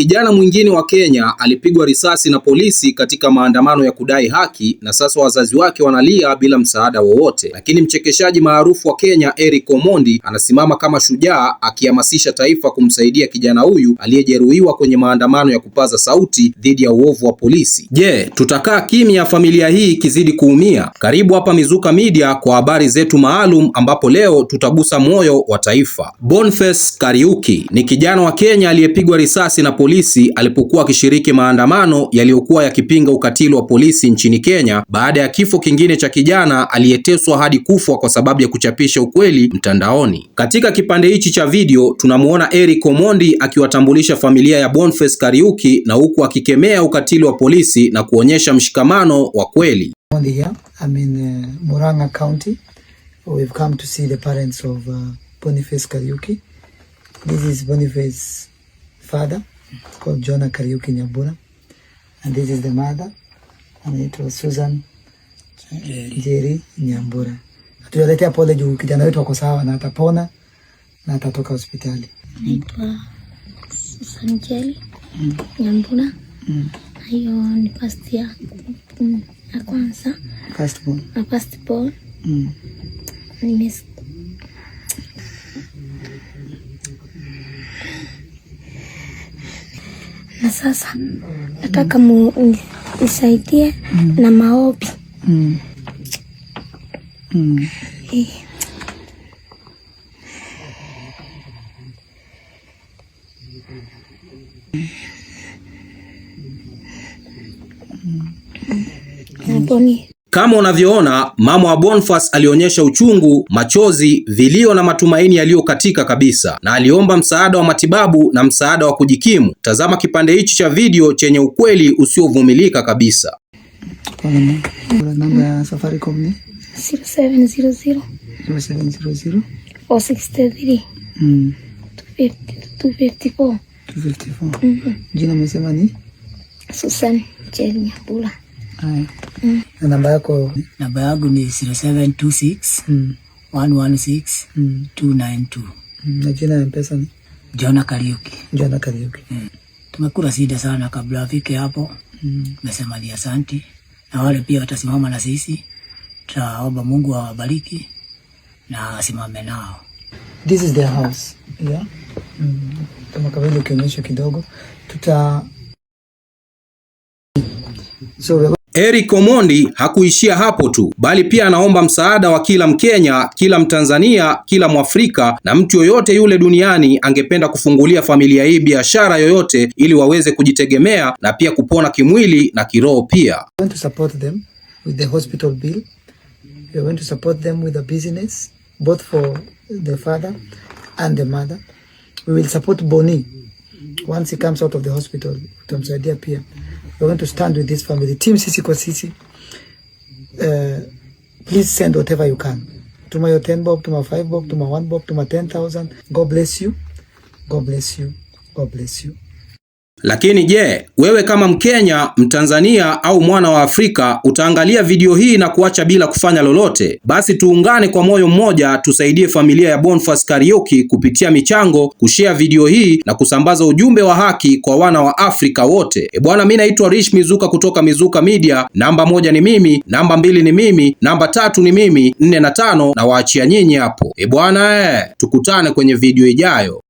Kijana mwingine wa Kenya alipigwa risasi na polisi katika maandamano ya kudai haki na sasa wazazi wake wanalia bila msaada wowote. Lakini mchekeshaji maarufu wa Kenya Eric Omondi anasimama kama shujaa akihamasisha taifa kumsaidia kijana huyu aliyejeruhiwa kwenye maandamano ya kupaza sauti dhidi ya uovu wa polisi. Je, tutakaa kimya familia hii ikizidi kuumia? Karibu hapa Mizuka Media kwa habari zetu maalum ambapo leo tutagusa moyo wa taifa. Boniface Kariuki ni kijana wa Kenya aliyepigwa risasi na polisi polisi alipokuwa akishiriki maandamano yaliyokuwa yakipinga ukatili wa polisi nchini Kenya baada ya kifo kingine cha kijana aliyeteswa hadi kufwa kwa sababu ya kuchapisha ukweli mtandaoni. Katika kipande hichi cha video tunamuona Eric Omondi akiwatambulisha familia ya Boniface Kariuki na huku akikemea ukatili wa polisi na kuonyesha mshikamano wa kweli. Uh, Muranga County. We've come to see the parents of uh, Kariuki. This is Boniface's father called Jonah Kariuki Nyabura. And this is the mother, and it was Susan uh, Jerry Nyambura. Tuwaletea pole juu kijana wetu wako sawa na atapona na atatoka hospitali. Naitwa Susan Jerry mm. Nyambura. Mm. Hiyo ni first mm, ya kwanza. First born. First born. Nimesikia na sasa nataka mu, nisaidie mm. na maombi mm. mm. Eh. mm. mm. mm. Kama unavyoona mama wa Boniface alionyesha uchungu, machozi, vilio na matumaini yaliyokatika kabisa, na aliomba msaada wa matibabu na msaada wa kujikimu. Tazama kipande hichi cha video chenye ukweli usiovumilika kabisa. Mm-hmm. Jina umesema ni Susan Chenya Bula. Na namba yako? Namba yangu ni 0726 mm. 116 mm. 292. Mm. Na jina ya mpesa ni Jona Kariuki. Jona Kariuki. Mm. Tumekula sida sana kabla afike hapo. Nasema mm. ni na wale pia watasimama na sisi, tutaomba Mungu awabariki na asimame nao. This is their house. Yeah. Mm. Kama kawaida ukionyesha kidogo tuta so Eric Omondi hakuishia hapo tu, bali pia anaomba msaada wa kila Mkenya, kila Mtanzania, kila Mwafrika na mtu yoyote yule duniani angependa kufungulia familia hii biashara yoyote, ili waweze kujitegemea na pia kupona kimwili na kiroho pia. We want to support them with the hospital bill. We want to support them with the business both for the father and the mother. We will support Boni once he comes out of the hospital, Tumsaidia pia. We're going to stand with this family. Team sisi kwa sisi. Uh, please send whatever you can. Tuma your 10 bob, tuma 5 bob, tuma 1 bob, tuma 10,000. God bless you. God bless you. God bless you. Lakini je, wewe kama Mkenya, Mtanzania au mwana wa Afrika utaangalia video hii na kuacha bila kufanya lolote? Basi tuungane kwa moyo mmoja, tusaidie familia ya Boniface Kariuki kupitia michango, kushea video hii na kusambaza ujumbe wa haki kwa wana wa Afrika wote. E bwana, mimi naitwa Rich Mizuka kutoka Mizuka Media. Namba moja ni mimi, namba mbili ni mimi, namba tatu ni mimi, nne na tano na waachia nyinyi hapo. E bwana, eh, tukutane kwenye video ijayo.